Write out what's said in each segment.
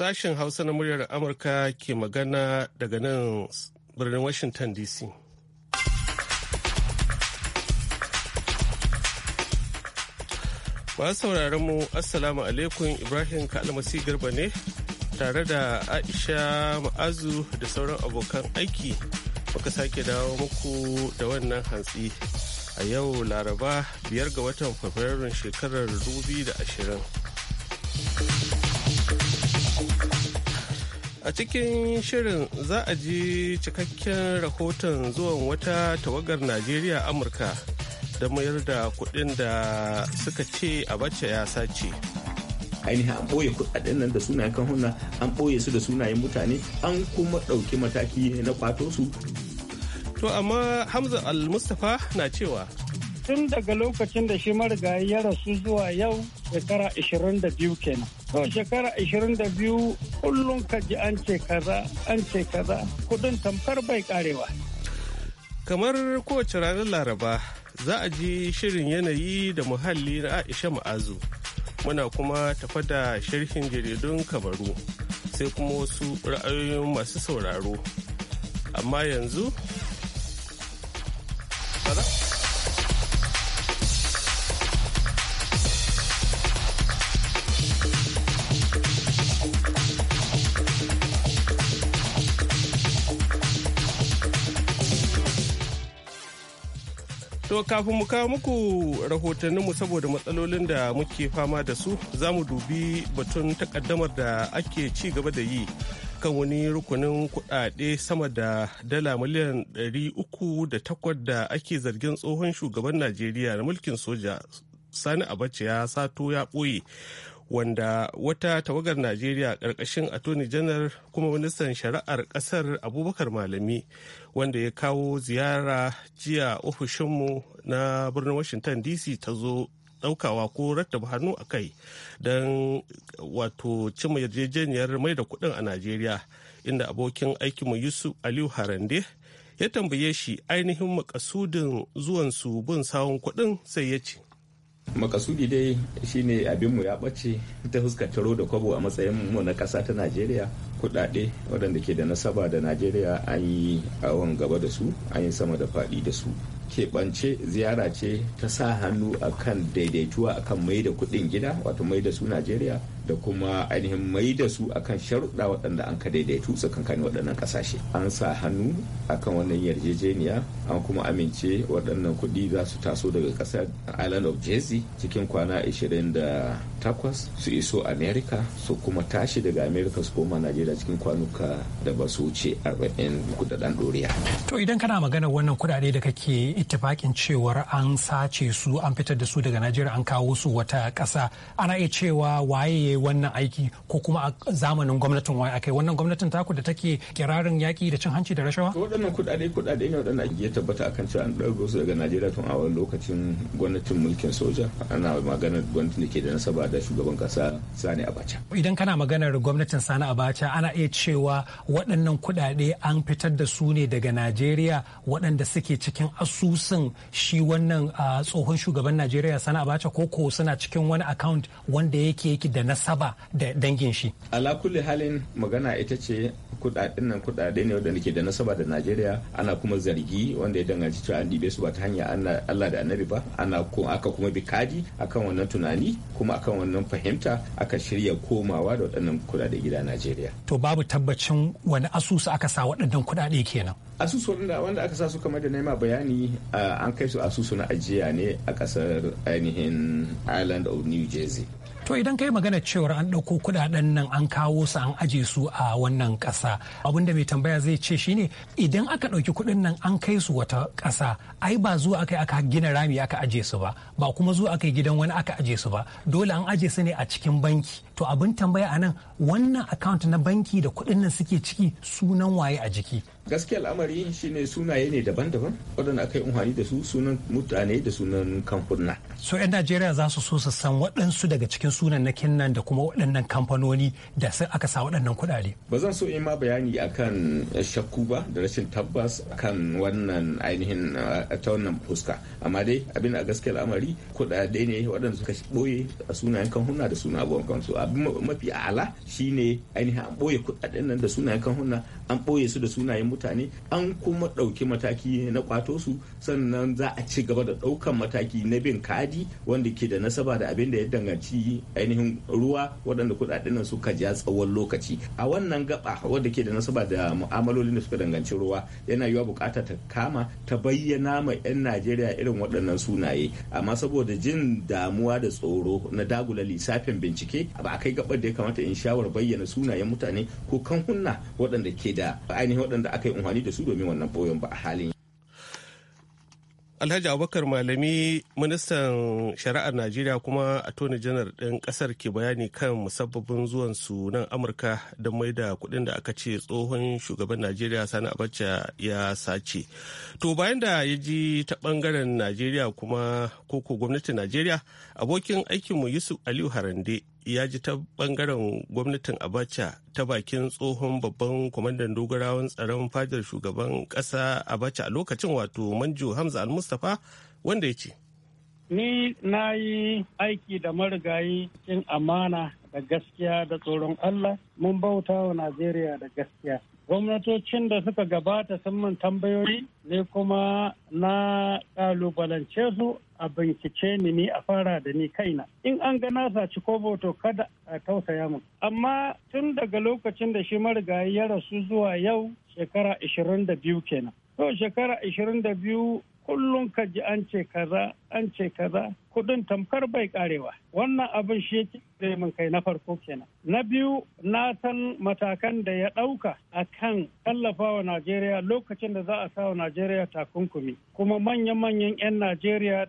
Sashen Hausa na muryar Amurka ke magana daga nan birnin Washington DC. Masu sauraron mu Assalamu alaikum Ibrahim Kalmasi Garba ne tare da Aisha Ma'azu da sauran abokan aiki muka sake dawo muku da wannan hantsi a yau Laraba biyar ga watan Fabrairun shekarar 2020. A cikin shirin za a ji cikakken rahoton zuwan wata tawagar Najeriya Amurka da mayar da kuɗin da suka ce a bace ya sace. ainihin an ɓoye kuɗaɗen nan da sunayen kan an ɓoye su da sunayen mutane an kuma ɗauki mataki na kwato su. To amma Hamza Al-Mustapha na cewa. Tun daga lokacin da shi marigayi ya rasu zuwa yau shekara 22 kenan. Sau shekara 22 kullum ka ji an ce kaza, an ce kaza, kudin tamkar bai karewa. Kamar kowace ranar Laraba, za a ji shirin yanayi da muhalli na Aisha Ma'azu. Muna kuma tafa da sharhin jaridun kabaru sai kuma wasu ra'ayoyin masu sauraro. Amma yanzu, To kafin mu kawo muku rahotanninmu saboda matsalolin da muke fama da su za mu dubi batun takaddamar da ake ci gaba da yi kan wani rukunin kudade sama da dala miliyan 308 da ake zargin tsohon shugaban Najeriya na mulkin soja Sani Abacha ya sato ya ɓoye wanda wata tawagar najeriya ƙarƙashin attorney general kuma ministan shari'ar ƙasar abubakar malami wanda ya kawo ziyara jiya ofishinmu na birnin washington dc ta zo daukawa ko rattaba hannu a kai don wato cimma yarjejeniyar mai da kuɗin a najeriya inda abokin aikinmu yusuf aliyu harande ya tambaye shi ainihin makasudin zuwan su bin sawun kuɗin sai ya ce makasudi dai shine abinmu ya ɓace ta huskar taro da kwabo a matsayin mu na ƙasa ta najeriya kuɗaɗe waɗanda ke da nasaba da najeriya an yi awon gaba da su an yi sama da faɗi da su keɓance ziyara ce ta sa hannu a kan daidaituwa a kan mai da kuɗin gida wato mai da su najeriya da kuma ainihin mai da su akan sharuɗa waɗanda an ka daidaitu tsakankanin waɗannan ƙasashe an sa hannu akan wannan yarjejeniya an kuma amince waɗannan kuɗi za su taso daga ƙasar island of jersey cikin kwana da takwas su iso amerika su kuma tashi daga amerika su koma najeriya cikin kwanuka da ba su wuce arba'in kudaden doriya to idan kana magana wannan kudade da kake ittifakin cewar an sace su an fitar da su daga najeriya an kawo su wata kasa ana iya cewa waye wannan aiki ko kuma a zamanin gwamnatin waye akai wannan gwamnatin taku da take kirarin yaki da cin hanci da rashawa waɗannan kudade kudade ne waɗanda ya tabbata akan cewa an ɗago su daga najeriya tun a wani lokacin gwamnatin mulkin soja ana maganar gwamnatin da ke da nasaba da shugaban kasa Sani Abacha. Idan kana maganar gwamnatin Sani Abacha ana iya cewa waɗannan kuɗaɗe an fitar da su ne daga Najeriya waɗanda suke cikin asusun shi wannan tsohon shugaban Najeriya Sani Abacha ko ko suna cikin wani account wanda yake yake da nasaba da dangin shi. Ala kulli halin magana ita ce kuɗaɗen nan kuɗaɗe ne wanda ke da nasaba da Najeriya ana kuma zargi wanda ya danganci cewa an ɗibe su ba ta hanya Allah da Annabi ba ana aka kuma bi kaji akan wannan tunani kuma akan wannan fahimta aka shirya komawa da waɗannan kuɗaɗe gida Najeriya. To babu tabbacin wani asusu aka sa waɗannan kuɗaɗe kenan. Asusu wanda, wanda aka sa su kamar da nema bayani an kai su asusu na ajiya ne a ƙasar ainihin Island of New Jersey. To idan kai magana cewar an ɗauko kuɗaɗen nan an kawo su an aje su a wannan ƙasa abin da mai tambaya zai ce shine idan aka ɗauki kuɗin nan an kai su wata ƙasa ai ba zuwa aka aka gina rami aka aje su ba ba kuma zuwa aka gidan wani aka aje su ba dole an aje su ne a cikin banki to abin tambaya a nan wannan account na banki da kuɗin nan suke ciki sunan waye a jiki gaskiya al'amari shine sunaye ne daban-daban waɗanda aka yi umarni da su sunan mutane da sunan kamfuna so 'yan najeriya za su so su san waɗansu daga cikin sunan na kinnan da kuma waɗannan kamfanoni da sai aka sa waɗannan kuɗaɗe ba zan so in ma bayani akan shakku ba da rashin tabbas kan wannan ainihin ta wannan fuska amma dai abin a gaskiya al'amari kuɗaɗe ne waɗanda suka ɓoye a sunayen kamfuna da sunan abubuwan kansu a abu mafi ala shine ainihin an boye kudaden nan da sunayen kan hunna an ɓoye su da sunayen mutane an kuma ɗauki mataki na kwato su sannan za a ci gaba da ɗaukan mataki na bin kadi wanda ke da nasaba da abin da ya danganci ainihin ruwa waɗanda kuɗaɗen nan suka ja tsawon lokaci a wannan gaba wanda ke da nasaba da mu'amalolin da suka danganci ruwa yana yiwa buƙata ta kama ta bayyana ma 'yan najeriya irin waɗannan sunaye amma saboda jin damuwa da tsoro na dagula lissafin bincike ba a kai gaɓar da ya kamata in shawar bayyana sunayen mutane ko kan hunna waɗanda ke da da ainihin waɗanda aka yi umarni da su domin wannan boyon ba a halin Alhaji Abubakar Malami ministan shari'ar Najeriya kuma attorney janar ɗin ƙasar ke bayani kan musabbabin zuwan su nan Amurka don mai da kuɗin da aka ce tsohon shugaban Najeriya Sani Abacha ya sace. To bayan da ya ji ta ɓangaren Najeriya kuma koko gwamnatin Najeriya abokin aikinmu Yusuf Aliyu Harande ya ji ta bangaren gwamnatin abacha ta bakin tsohon babban kwamandan dogarawan tsaron fadar shugaban kasa abacha a lokacin wato manjo hamza al-mustapha wanda ya ce ni na yi aiki da marigayi cikin amana da gaskiya da tsoron allah mun bauta wa najeriya da gaskiya gwamnatocin da suka gabata sun min tambayoyi ne kuma na kalubalance su a bincike ni ni a fara da ni kaina in an ga na saci kobo to kada a tausaya mu amma tun daga lokacin da shi marigayi ya rasu zuwa yau shekara 22 kenan to shekara 22 kullum ka ji an ce kaza an ce kaza kudin tamkar bai karewa wannan abin shi yake min kai na farko kenan na biyu na san matakan da ya ɗauka a kan tallafawa najeriya lokacin da za a sa wa najeriya takunkumi kuma manyan-manyan 'yan najeriya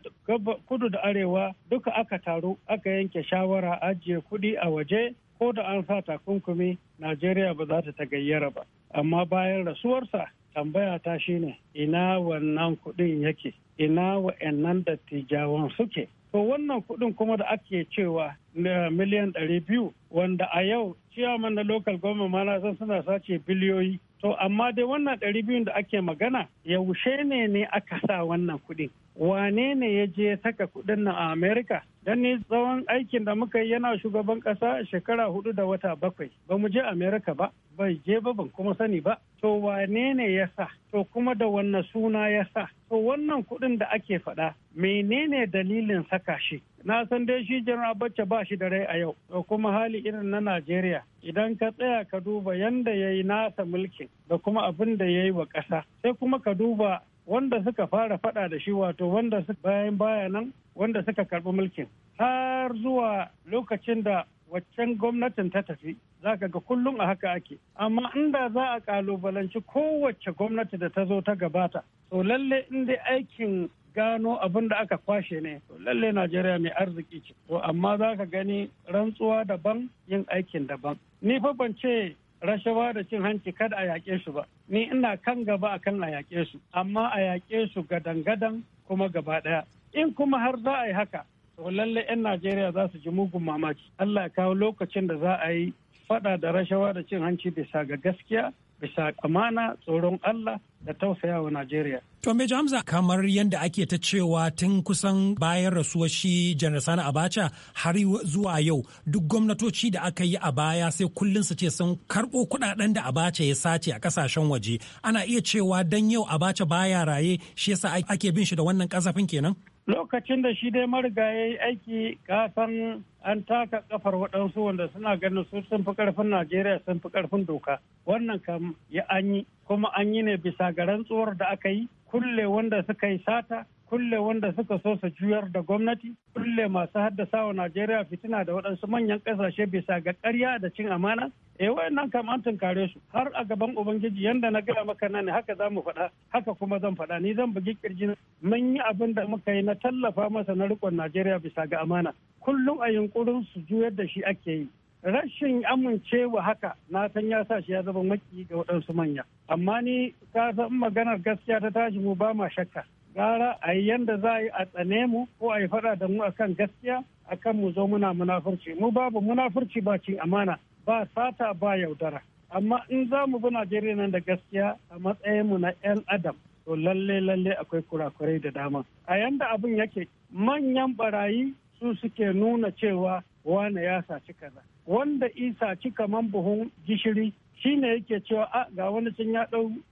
kudu da arewa duka aka taru aka yanke shawara ajiye kudi a waje ko da an sa takunkumi najeriya ba za ta gayyara ba amma bayan rasuwarsa tambaya ta shine ina wannan kuɗin yake ina wa'annan dattijawan suke to wannan kuɗin kuma da ake cewa eh, miliyan ɗari biyu wanda a yau ciyaman na local government mana suna sace biliyoyi to amma dai wannan ɗari biyun da ake magana yaushe ne ne aka sa wannan kuɗin wane ne ya je saka kudin nan a Amerika. don ni tsawon aikin da muka yi yana shugaban kasa shekara hudu da wata bakwai ba mu je Amerika ba bai je ba ban kuma sani ba to wane ne ya sa to kuma da wanne suna ya sa to wannan kudin da ake faɗa menene dalilin saka shi na san dai shi general ba shi da rai a yau to kuma hali irin na najeriya idan ka tsaya ka duba yanda ya yi nasa mulkin da kuma abin da ya yi wa ƙasa sai kuma ka duba wanda suka fara fada da shi wato wanda bayan baya nan wanda suka karbi mulkin har zuwa lokacin da waccan gwamnatin ta tafi za ka ga kullum a haka ake amma inda za a kalubalanci kowace gwamnati da ta zo ta gabata to lalle inda aikin gano abin da aka kwashe ne to lalle najeriya mai arziki ce to amma za ka gani rantsuwa daban yin aikin daban ni fa ban ce rashawa da cin hanci kada a yaƙe su ba ni ina kan gaba akan a yaƙe su amma a yaƙe su gadan-gadan kuma gaba ɗaya in kuma har za a yi haka to lallai 'yan najeriya za su ji mugun mamaki allah ya kawo lokacin da za a yi faɗa da rashawa da cin hanci bisa ga gaskiya bisa amana tsoron Allah da tausaya wa Najeriya. To Major Hamza kamar yadda ake ta cewa tun kusan bayan rasuwar shi Janar Sani Abacha har zuwa yau duk gwamnatoci da aka yi a baya sai kullum su ce sun karɓo kuɗaɗen da Abacha ya sace a ƙasashen waje. Ana iya cewa dan yau Abacha baya raye shi yasa ake bin shi da wannan kasafin kenan? lokacin da shi dai marigayi aiki kasan an taka kafar waɗansu wanda suna ganin su sun fi karfin najeriya sun fi karfin doka wannan kam ya an yi kuma an yi ne bisa ga rantsuwar da aka yi kulle wanda suka yi sata kulle wanda suka so su juyar da gwamnati kulle masu haddasa wa najeriya fitina da waɗansu manyan ƙasashe bisa ga ƙarya da cin amana e eh, wayannan kam an tunkare su har a gaban ubangiji yanda na gaya maka nan haka za mu faɗa haka kuma zan faɗa ni zan bugi kirji mun yi abin da muka yi na tallafa masa na riƙon najeriya bisa ga amana kullum a yunkurin su juyar da shi ake yi rashin amincewa haka na san ya sa shi ya zama maki ga waɗansu manya amma ni ka san maganar gaskiya ta tashi mu ba ma shakka gara a yi yanda za a yi a tsane mu ko a yi faɗa da mu akan gaskiya akan mu zo muna munafurci mu babu munafurci ba cin amana ba sata ba yaudara amma in za mu bi najeriya nan da gaskiya a matsayin mu na 'yan adam to lalle lalle akwai kurakurai da dama a yanda abin yake manyan barayi su suke nuna cewa wane ya saci kaza wanda isa ci kaman buhun gishiri shi ne yake cewa a ah, ga wani sun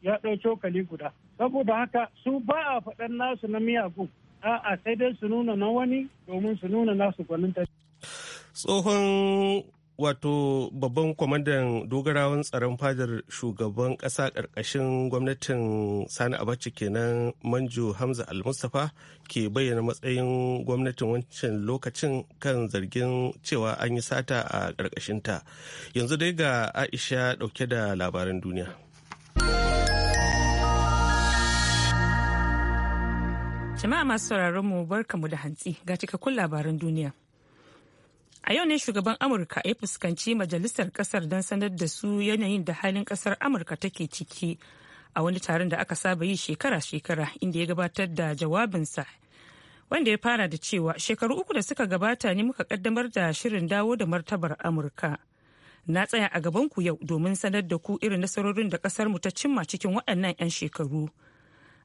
ya ɗau cokali guda saboda haka su ba a faɗan nasu na miyagun a'a sai dai su nuna na wani domin su nuna nasu gwaninta. tsohon wato babban kwamandan dogarawan tsaron fadar shugaban kasa ƙarƙashin gwamnatin sani abacha kenan manjo hamza al ke bayyana matsayin gwamnatin wancan lokacin kan zargin cewa an yi sata a ƙarƙashinta yanzu dai ga aisha ɗauke da labaran duniya jama'a masu sauraron mu barkamu da hantsi ga cikakkun labaran duniya A yau ne shugaban Amurka ya fuskanci majalisar kasar don sanar da su yanayin da halin kasar Amurka take ciki a wani taron da aka saba yi shekara-shekara inda ya gabatar da jawabinsa. Wanda ya fara da cewa shekaru uku da suka gabata ne muka kaddamar da shirin dawo da martabar Amurka. Na tsaya a gaban ku yau domin sanar da ku irin nasarorin da kasar mu ta cimma cikin waɗannan 'yan shekaru.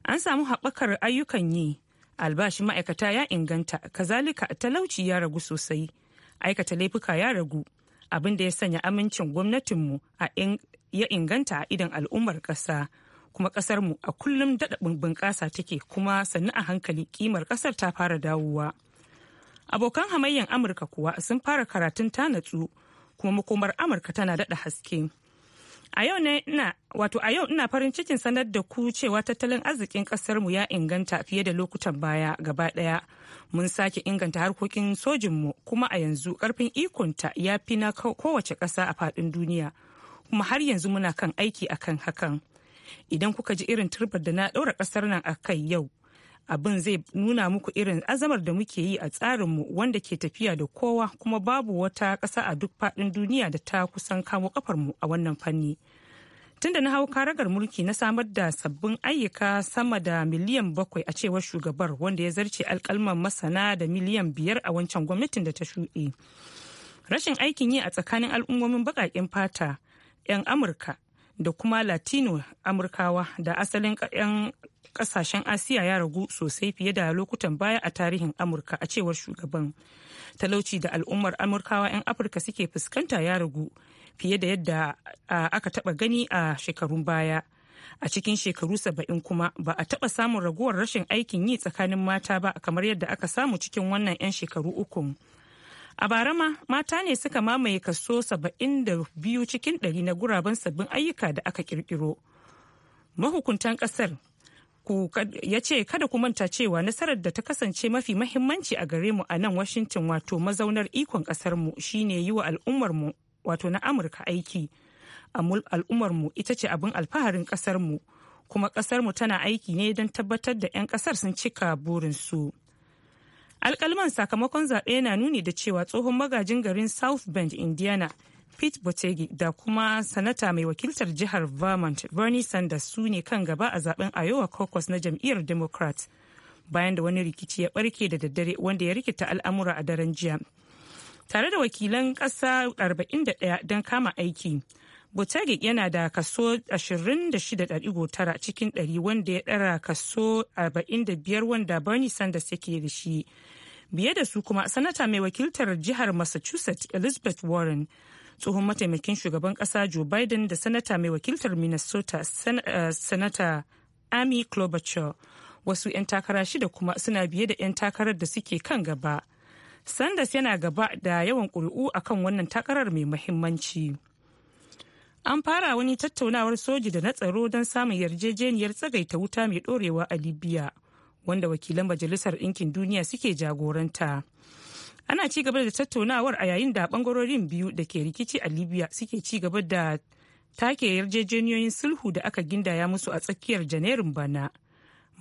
An samu haɓakar ayyukan yi, albashin ma'aikata ya inganta, kazalika talauci ya ragu sosai. aikata laifuka ya ragu abin da ya sanya amincin gwamnatinmu ya inganta a idan al'ummar ƙasa kuma ƙasarmu a kullum daɗa bunƙasa take kuma sannu a hankali ƙimar ƙasar ta fara dawowa abokan hamayyan amurka kuwa sun fara karatun ta natsu kuma makomar amurka tana daɗa haske A yau ne ina wato a yau ina farin cikin sanar da ku cewa tattalin arzikin kasar mu ya inganta fiye da lokutan baya gaba daya. Mun sake inganta harkokin sojin mu kuma a yanzu karfin ikonta ya fi na kowace ƙasa a faɗin duniya. Kuma har yanzu muna kan aiki akan hakan. Idan kuka ji irin turbar da na ɗaura ƙasar nan a yau, abin zai nuna muku irin azamar da muke yi a tsarinmu wanda ke tafiya da kowa kuma babu wata ƙasa a duk faɗin duniya da ta kusan kamo ƙafarmu a wannan fanni tunda na hau karagar mulki na samar da sabbin ayyuka sama da miliyan bakwai a cewar shugabar wanda ya zarce alkalman masana da miliyan biyar a wancan gwamnatin da ta shuɗe rashin aikin yi a tsakanin al'ummomin baƙaƙen fata 'yan amurka da kuma latino amurkawa da asalin 'yan kasashen asiya ya ragu sosai fiye da lokutan baya a tarihin amurka a cewar shugaban talauci da al'ummar amurkawa 'yan afirka suke fuskanta ya ragu fiye da yadda aka taba gani a shekarun baya a cikin shekaru saba'in kuma ba a taba samun raguwar rashin aikin yi tsakanin mata ba kamar yadda aka samu cikin wannan 'yan shekaru ukun. A bara ma mata ne suka mamaye kaso da saba'in biyu cikin ɗari na guraben sabbin ayyuka da aka ƙirƙiro Mahukuntan ƙasar ya ce kada ku manta cewa nasarar da ta kasance mafi mahimmanci a gare mu a nan Washington wato mazaunar ikon ƙasarmu shine yi wa al'ummarmu wato na Amurka aiki. mu ita ce abin alfaharin ƙasarmu kuma ƙasarmu tana aiki ne don tabbatar da 'yan ƙasar sun cika burinsu. su. alkalman sakamakon zaɓe na nuni da cewa tsohon magajin garin south bend indiana pete botegi da kuma sanata mai wakiltar jihar vermont bernie sanders su ne kan gaba a zaben iowa caucus na jam'iyyar democrat bayan da wani rikici ya barke da daddare wanda ya rikita al'amura a daren jiya tare da wakilan ƙasa 41 don kama aiki Buttigieg yana da kaso 26.9 cikin 100 wanda ya ɗara kaso 45 wanda Bernie Sanders yake da shi. Biye da su kuma sanata mai wakiltar jihar Massachusetts Elizabeth Warren, tsohon mataimakin shugaban ƙasa Joe Biden da sanata mai wakiltar Minnesota eh, sanata Amy Klobuchar. Wasu 'yan takara shida kuma suna biye da 'yan takarar da suke kan gaba. Sanders yana gaba da yawan ƙuri'u akan wannan takarar mai muhimmanci. an fara wani tattaunawar soji da na tsaro don samun yarjejeniyar tsagaita wuta mai dorewa a libya wanda wakilan majalisar ɗinkin duniya suke jagoranta ana ci gaba da tattaunawar a yayin da bangarorin biyu da ke rikici a libya suke ci gaba da take yarjejeniyoyin sulhu da aka gindaya musu a tsakiyar janairun bana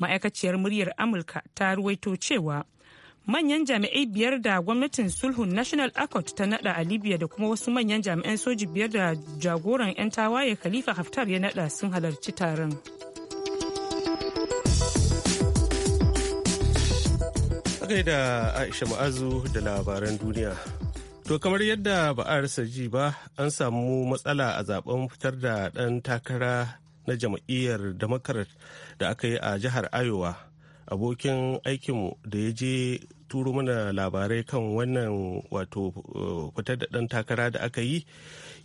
ma'aikaciyar muryar amurka ta ruwaito cewa manyan jami'ai biyar da gwamnatin sulhun national accord ta nada a libya da kuma wasu manyan jami'an soji biyar da jagoran 'yan tawaye khalifa haftar ya nada sun halarci taron haka da aisha ma'azu da labaran duniya to kamar yadda ba a rasa ji ba an samu matsala a zaben fitar da dan takara na jam'iyyar democrat da aka yi a jihar iowa abokin aikinmu da ya je turo mana labarai kan wannan wato eh, fitar da ɗan takara da aka yi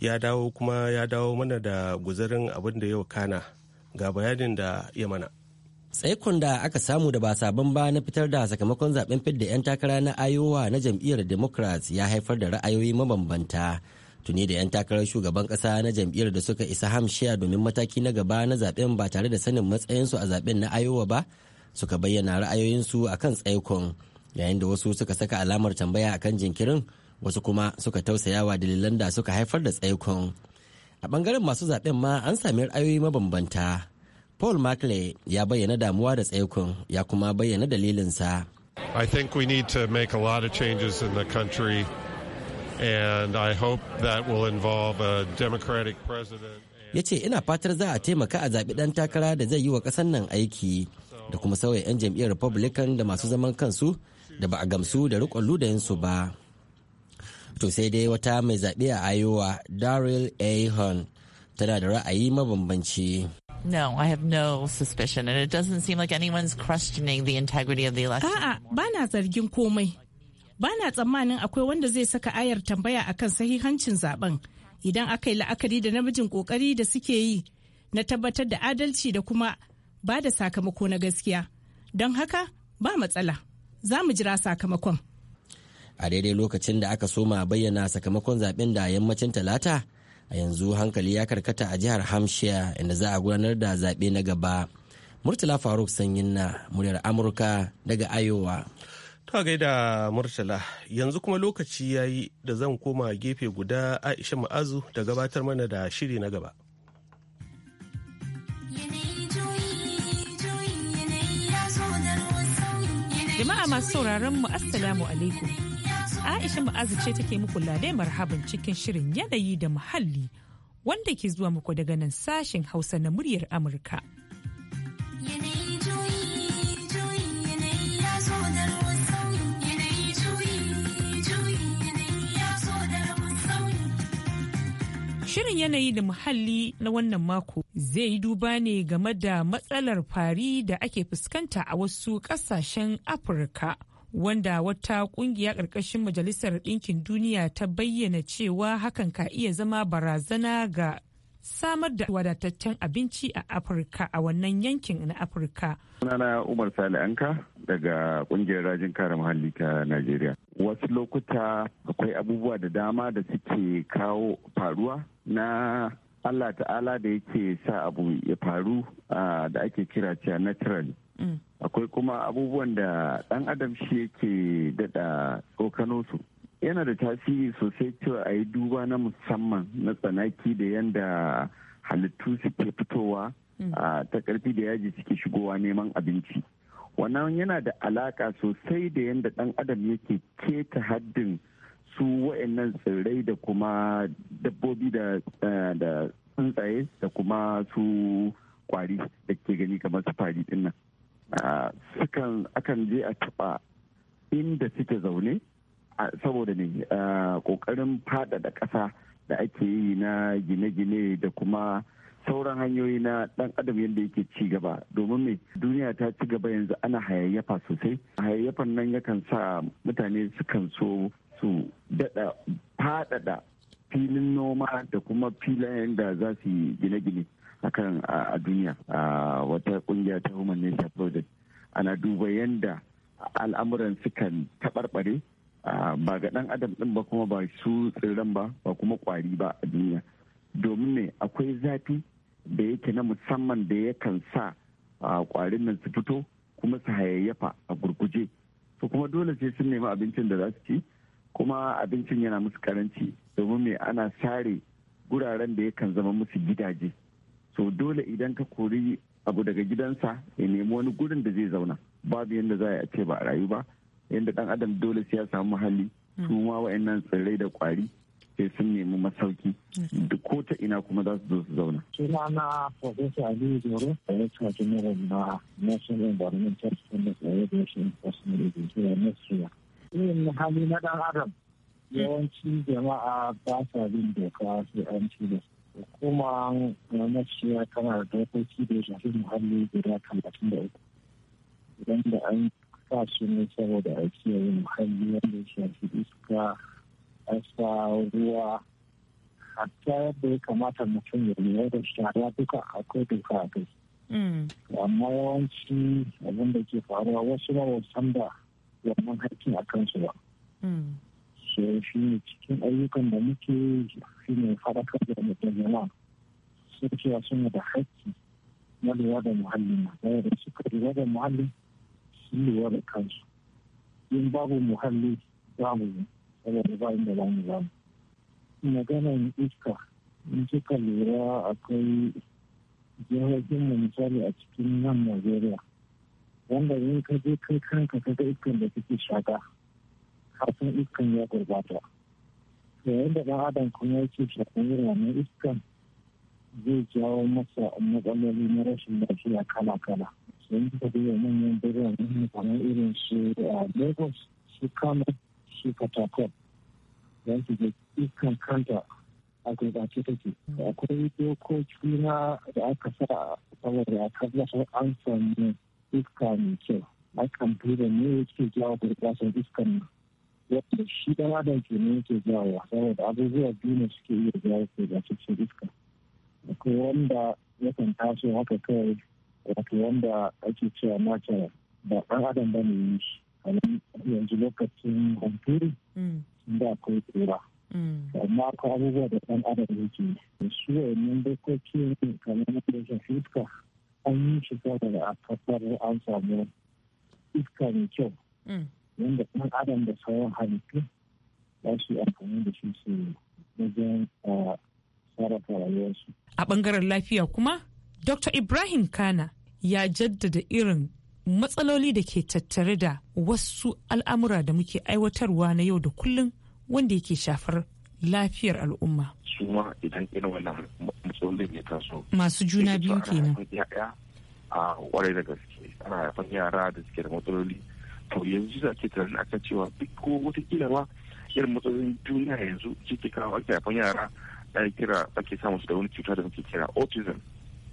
ya dawo kuma ya dawo mana da guzarin abin da yau kana ga bayanin da ya mana tsaikon da aka samu da ba sabon ba na fitar da sakamakon zaben fidda 'yan takara na ayowa na jam'iyyar democrats ya haifar da ra'ayoyi mabambanta tuni da 'yan takarar shugaban kasa na jam'iyyar da suka isa hamshiya domin mataki na gaba na zaben ba tare da sanin matsayinsu a zaben na ayowa ba suka bayyana ra'ayoyinsu a kan tsaikon yayin da wasu suka saka alamar tambaya akan jinkirin wasu kuma suka tausayawa dalilan da suka haifar da tsaikon a bangaren masu zaben ma an sami ra'ayoyi mabambanta paul maclay ya bayyana damuwa da tsaikon ya kuma bayyana dalilinsa I think we need to make a lot of changes in the country, and I hope that will involve a Democratic president. ya ce ina fatar za a taimaka a zaɓi ɗan takara da zai yi wa ƙasar nan aiki da kuma sauya 'yan jam'iyyar republican da masu zaman kansu da ba a gamsu da rikon ludayinsu ba to sai dai wata mai zaɓe a ayowa daryl ahon tana da ra'ayi mabambanci No, I have no suspicion, and it doesn't seem like anyone's questioning the integrity of the election. A'a, ba zargin komai. bana tsammanin akwai wanda zai saka ayar tambaya akan sahihancin zaben idan aka la'akari da namijin kokari da suke yi na tabbatar da adalci da kuma ba da sakamako na gaskiya don haka ba matsala za mu jira sakamakon a daidai lokacin da aka soma bayyana sakamakon zaben da yammacin talata a yanzu hankali ya karkata a jihar hampshire inda za a gudanar da zaɓe na gaba murtala faruk sanyin na muryar amurka daga ayowa Ta gaida Murtala, yanzu kuma lokaci ya yi da zan koma gefe guda Aisha Ma'azu da gabatar mana da shiri na gaba. Jama'a masu sauraron mu Assalamu alaikum. Aisha Ma'azu ce take muku lade marhaban cikin shirin yanayi da muhalli wanda ke zuwa muku daga nan sashen Hausa na muryar Amurka. Shirin yanayi da muhalli na wannan mako zai yi duba ne game da matsalar fari da ake fuskanta a wasu ƙasashen Afirka. Wanda wata kungiya ƙarƙashin Majalisar Ɗinkin Duniya ta bayyana cewa hakan ka iya zama barazana ga samar da wadataccen abinci a afirka a wannan yankin na afirka sunana umar sale anka daga kungiyar rajin kare muhalli ta najeriya wasu lokuta akwai abubuwa da dama da suke kawo faruwa na allah ta'ala da yake sa abu ya faru da ake kira cewa natural mm. akwai kuma abubuwan da dan adam shi yake dada tsokano su yana da tasiri sosai cewa a yi duba na musamman na tsanaki da yadda halittu suke fitowa mm. ta karfi da yaji suke shigowa neman abinci wannan yana da alaka sosai da yadda dan adam yake keta haddin su wa'annan tsirrai da kuma dabbobi da tsuntsaye da kuma su kwari da ke gani kamar su fari dinnan akan je a taba inda suke zaune saboda ne kokarin faɗaɗa ƙasa da ake yi na gine-gine da kuma sauran hanyoyi na dan adam yadda yake ci gaba domin me duniya ta ci gaba yanzu ana hayayyafa sosai hayayyafan nan yakan sa mutane sukan so su daɗa faɗaɗa filin noma da kuma filayen da za su yi gine-gine akan a duniya wata kungiya ta human nature project ana duba yadda al'amuran sukan taɓarɓare Ah, ba ga ɗan adam ɗin ba kuma ba su tsirran ba ba kuma kwari ba a duniya domin ne akwai zafi da yake na musamman da yakan sa kwarin ah, nan su fito kuma su hayayyafa a gurguje to kuma dole sai sun nemi abincin da za su ci kuma abincin yana musu karanci domin me ana sare guraren da yakan zama musu gidaje so dole idan ka kori abu daga gidansa ya nemi wani gurin da zai zauna babu yadda za a ce ba a rayu ba yadda dan adam dole sai ya samu hali mm. su ma wa'annan tsirrai da kwari sai sun nemi masauki mm. da ko ta ina kuma za su zo su zauna. Suna na Profesa Aliyu Doro, Director General na National Environmental Standards Organization for Small Education Nigeria. Yin hali na dan adam yawanci jama'a ba sa bin doka sai an ci da Kuma gwamnati ya kama da dokoki da shafi muhalli guda talatin uku. Idan da an sa su ne saboda a yin muhalli wanda ya shafi iska sa ruwa hatta yadda ya kamata mutum ya lura da shara duka akwai duka a kai mm. amma yawanci abinda da ke faruwa wasu ba wasan da wannan a kansu ba mm. so shi ne cikin ayyukan da muke shi ne faɗakar da mutum yana sun cewa suna da hakki na lura da muhalli na da suka lura da muhalli su lura da kansu in babu muhalli babu saboda ba inda ba mu zamu maganan iska in kika lura akwai jihohin mu misali a cikin nan najeriya wanda yin ka je kai kanka ka ga iskan da kake shaka kafin iskan ya gurbata to yadda ɗan adam kuma ce shakun irin iskan zai jawo masa matsaloli na rashin lafiya kala-kala don suka manyan birane kamar irin su lagos su kano su akwai da aka sa a tabbatar an samu iska mai kyau akan duba ne yake jawo gurbacin iskan nan wanda shi dan adam ke saboda abubuwa biyu ne suke iya jawo gurbacin iska akwai wanda yakan taso haka wato wanda ake cewa mata ba ɗan adam ba ne shi yanzu lokacin hunturu mm. da akwai tsira mm. amma ko abubuwa da ɗan adam yake su wayannan dokoki kamar na shafi iska an yi shi saboda a kasar an samu iska mai kyau wanda mm. ɗan adam da sauran halittu ba su amfani da shi su wajen ah, sarrafa rayuwarsu. A ɓangaren lafiya kuma, Dr. Ibrahim Kana ya jaddada irin matsaloli da ke tattare da wasu al'amura da muke aiwatarwa na yau da kullum wanda yake shafar lafiyar al'umma. Suma idan irin wannan matsalolin ya taso. masu juna biyu kenan. a ware da gaske ana haifan yara da suke da matsaloli to yanzu za ke tunanin kan cewa duk ko wata ma irin matsalolin duniya yanzu ke kawo ake haifan yara da kira ake samun su da wani cuta da muke kira autism.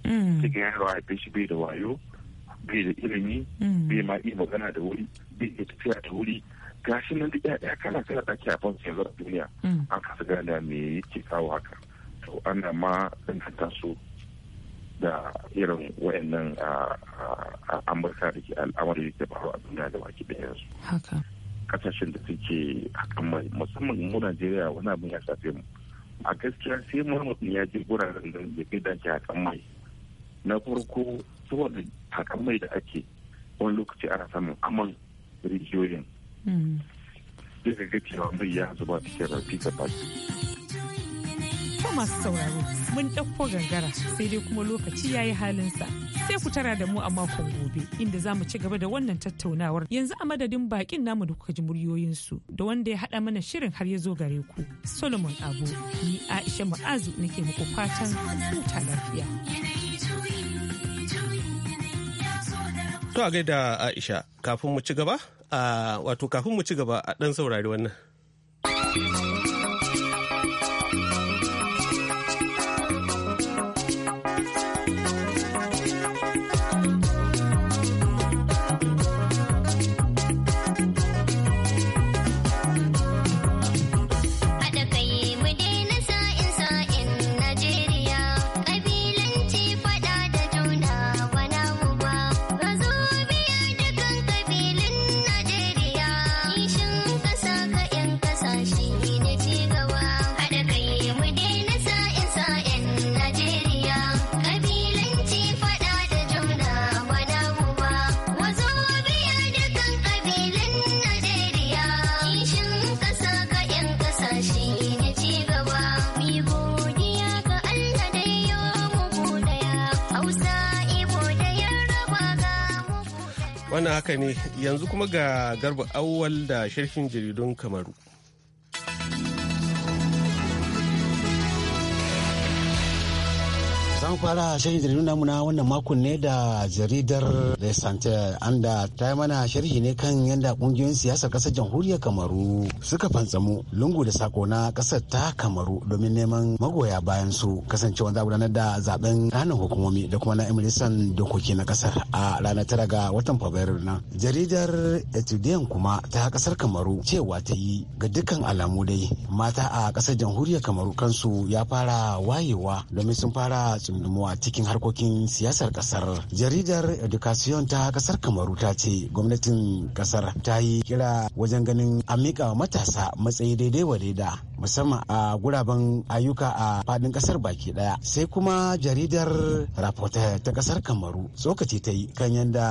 Mm. cikin yaro a haife bai da wayo bai da ilimi mm. bai ma iya magana da wuri bai iya tafiya da wuri gashi nan duk ɗaya kana kana da a fansu yanzu a duniya mm. an kasa gane me yake kawo haka to ana ma danganta su da irin wayannan amurka da ke al'amari da faru a duniya da baki ɗaya su kasashen da suke hakan mai musamman mu Najeriya wani abin ya shafe mu a gaskiya sai mu mutum ya je guraren da ke dace da ke mai na farko saboda takamai da ake wani lokaci ana samun aman rijiyoyin zai mm. ga mai ya zuba cikin rafi ta baki ko masu sauraro mun ɗauko gangara sai dai kuma lokaci ya yi halinsa sai ku tara da mu a makon gobe inda za mu ci gaba da wannan tattaunawar yanzu a madadin bakin namu da kuka ji muryoyinsu da wanda ya haɗa mana shirin har ya zo gare ku solomon abu ni aisha ma'azu nake muku fatan huta lafiya To a gaida Aisha kafin mu ci gaba wato kafin mu ci gaba a ɗan saurari wannan. wannan haka ne yanzu kuma ga garba awwal da sharhin jaridun kamaru an fara shirin jaridu namu na wannan makon ne da jaridar Le Sante anda ta yi mana sharhi ne kan yadda kungiyoyin siyasar kasar jamhuriyar Kamaru suka fantsamu lungu da sako na kasar ta Kamaru domin neman magoya bayan su kasancewa za gudanar da zaben ranar hukumomi da kuma na emirisan dokoki na kasar a ranar tara ga watan Fabrairu na. Jaridar etudiyan kuma ta kasar Kamaru cewa ta yi ga dukkan alamu dai mata a kasar jamhuriyar Kamaru kansu ya fara wayewa domin sun fara mu a cikin harkokin siyasar kasar jaridar education ta kasar kamaru ta ce gwamnatin kasar ta yi kira wajen ganin a matasa matsayi daidai wa daida musamman a guraben ayyuka a fadin kasar baki ɗaya sai kuma jaridar rapota ta kasar kamaru tsokaci ta yi kan yadda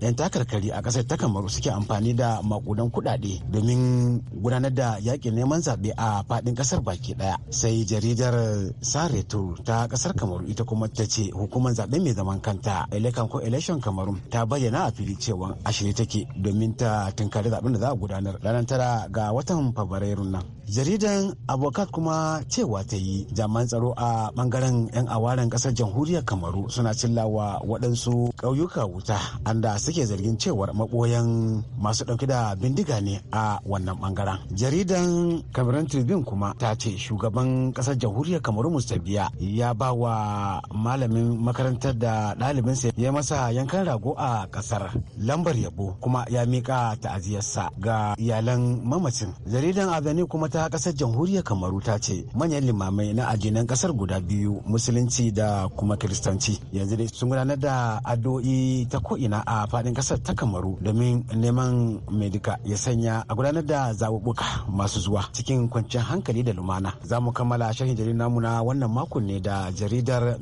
'yan takarkari a kasar ta kamaru suke amfani da makudan kudade. domin gudanar da yakin neman zaɓe a fadin kasar baki ɗaya sai jaridar sareto ta kasar kamaru ita kuma ta ce hukumar zaɓe mai zaman kanta elekan ko election kamarun ta bayyana a fili cewa ashirin shirye take domin ta tunkari zaɓen da za a gudanar ranar tara ga watan fabrairun nan jaridan abokat kuma cewa ta yi jami'an tsaro a bangaren 'yan awaren kasar jamhuriyar kamaru suna cillawa waɗansu ƙauyuka wuta anda suke zargin cewar maboyan masu ɗauke da bindiga ne a wannan bangaren jaridan kamarun tribune kuma ta ce shugaban ƙasar jamhuriyar kamaru mustabiya ya ba wa malamin makarantar da ɗalibinsa ya masa yankan rago a ƙasar lambar yabo kuma ya miƙa ta'aziyarsa ga iyalan mamacin jaridan azani kuma ta ƙasar jamhuriyar kamaru ta ce manyan limamai na addinin ƙasar guda biyu musulunci da kuma kiristanci yanzu dai sun gudanar da addu'o'i ta ko'ina a faɗin ƙasar ta kamaru domin neman medika ya sanya a gudanar da zaɓuɓɓuka masu zuwa cikin kwanciyar hankali da lumana za mu kammala sharhin jaridar namu na wannan makon ne da jaridar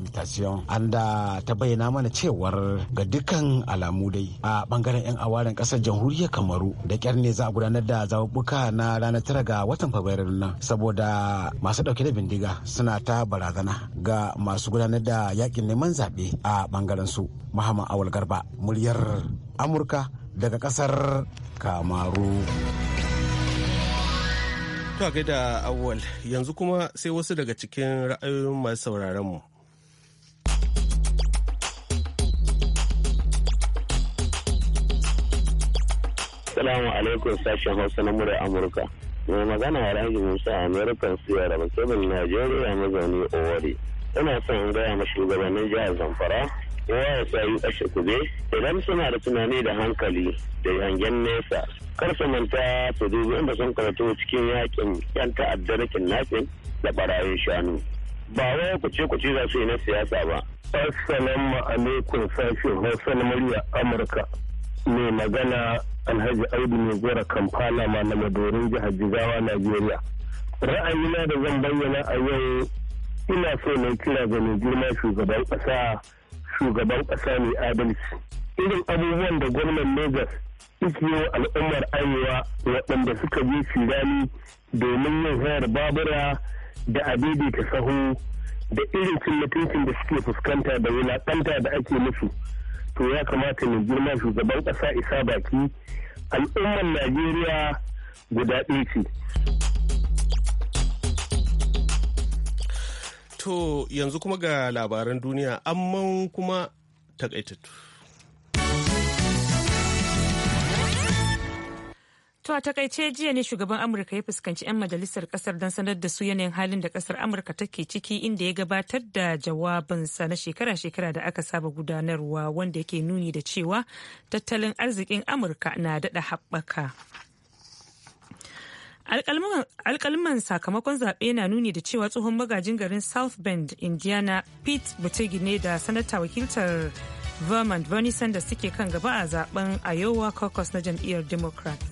an da ta bayyana mana cewar ga dukkan alamu dai a bangaren 'yan awaren kasar jamhuriyar kamaru da kyar ne za a gudanar da zaɓuɓɓuka na ranar tara ga watan fabrairu nan saboda masu ɗauke da bindiga suna ta barazana ga masu gudanar da yakin neman zaɓe a bangaren su muhammad awal garba muryar amurka daga kasar kamaru to gaida awal yanzu kuma sai wasu daga cikin ra'ayoyin masu sauraron mu Salamu alaikum sashen Hausa na murar Amurka. Mai magana ya rage Musa American Siya daga Najeriya mazauni Owari. Ina son in gaya ma shugabannin jihar Zamfara kowa ya sa yi kashe kube idan suna da tunani da hankali da yangen nesa kar su manta su dubi inda sun karatu cikin yakin yan ta'adda na kidnapping da barayin shanu ba wai kuce kuce za su yi na siyasa ba assalamu alaikum sashen hausa na murya amurka mai magana alhaji audu mai gora kamfana malama dorin jihar jigawa najeriya ra'ayina da zan bayyana a yau ina so na kira ga mai girma shugaban ƙasa shugaban ƙasa mai adalci irin abubuwan da gwamnan lagos suke yi al'ummar arewa waɗanda suka je firani domin yin hayar babura da ta sahu da irin cin mutuncin da suke fuskanta da wulaƙanta da ake musu to ya kamata mai girma shugaban kasa isa baki al'ummar najeriya guda ɗaya ce to yanzu kuma ga labaran duniya amman kuma takaitattu To a takaice jiya ne shugaban Amurka ya fuskanci 'yan majalisar kasar don sanar da su yanayin halin da kasar Amurka take ciki inda ya gabatar da jawabinsa na shekara-shekara da aka saba gudanarwa wanda yake nuni da cewa tattalin arzikin Amurka na daɗa haɓaka. alkalman sakamakon zaɓe na nuni da cewa tsohon magajin garin south bend indiana pete buttigieg ne da sanata wakiltar vermont bernie sanders suke kan gaba a zaben iowa caucus na jam'iyyar democrats.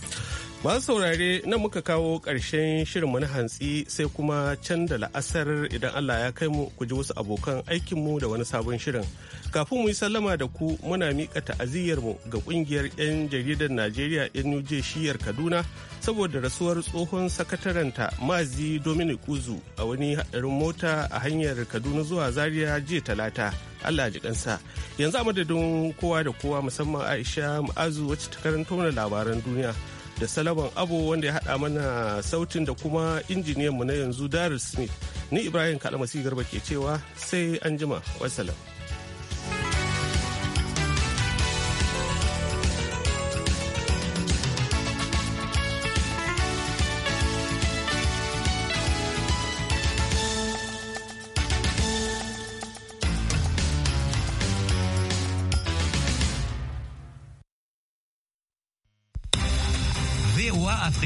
Masu saurare nan muka kawo ƙarshen shirinmu na hantsi sai kuma can da la'asar idan Allah ya kai mu ku ji wasu abokan aikinmu da wani sabon shirin. Kafin mu yi sallama da ku muna miƙa mu ga ƙungiyar 'yan jaridar Najeriya NUJ shiyar Kaduna saboda rasuwar tsohon sakatarenta Mazi Dominic Uzu a wani haɗarin mota a hanyar Kaduna zuwa Zaria jiya talata. Allah ji kansa. Yanzu a madadin kowa da kowa musamman Aisha ma'azu, wacce ta mana labaran duniya. da salaman abu wanda ya haɗa mana sautin da kuma injiniyanmu na yanzu Darius smith ni ibrahim kalamasi garba ke cewa sai an jima wasalam